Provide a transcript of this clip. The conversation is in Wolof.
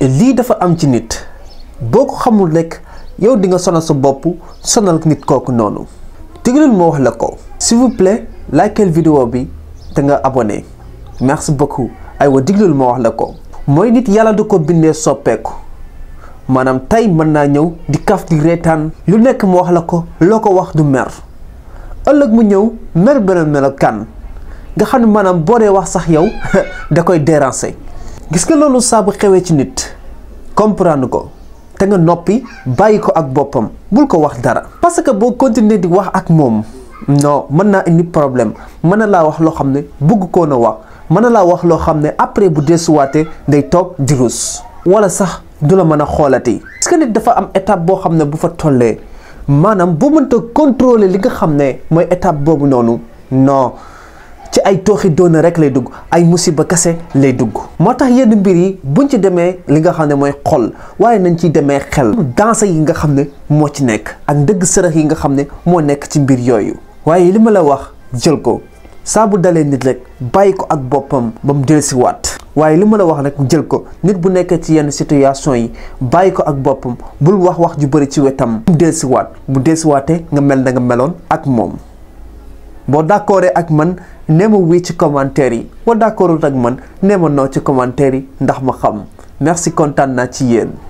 lii dafa am ci nit boo ko xamul nekk yow di nga sonal sa bopp sonal nit kooku noonu déglul moo wax la ko s'il vous plaît likeel vidéo bi te nga abonné merci beaucoup aywa déglul moo wax la ko mooy nit yàlla du ko bindee soppeeku maanaam tey mën naa ñëw di kaf di reetaan lu nekk mu wax la ko loo ko wax du mer ëllëg mu ñëw mer beneen melokaan nga xam ne maanaam boo dee wax sax yow da koy déranger gis nga loolu saabu xewee ci nit comprendre ko te nga noppi bàyyi ko ak boppam bul ko wax dara parce que boo continuer di wax ak moom non mën naa indi problème mën na laa wax loo xam ne bugg koo na wax mën na laa wax loo xam ne après bu desuwaatee day toog di rus wala sax du la mën a xoolati parce que nit dafa am étape boo xam ne bu fa tollee maanaam boo mënta contrôler li nga xam ne mooy étape boobu noonu non ay tooxi doona rek lay dugg ay musiba kese lay dugg moo tax yenn mbir yi buñ ci demee li nga xam ne mooy xol waaye nañ ci demee xel danse yi nga xam ne moo ci nekk ak ndëgg sërëx yi nga xam ne moo nekk ci mbir yooyu waaye li ma la wax jël ko saabu dalee nit rek bàyyi ko ak boppam ba mu dellusi waat waaye li ma la wax rek jël ko nit bu nekkee ci yenn situation yi bàyyi ko ak boppam bul wax wax ju bëri ci wetam mu dellusi waat bu dellusi nga mel na nga meloon ak moom boo d'accordee ak man nee ma wii ci commentaire yi wa d'accordul ak man nee ma noo ci commentaire yi ndax ma xam merci kontaan naa ci yéen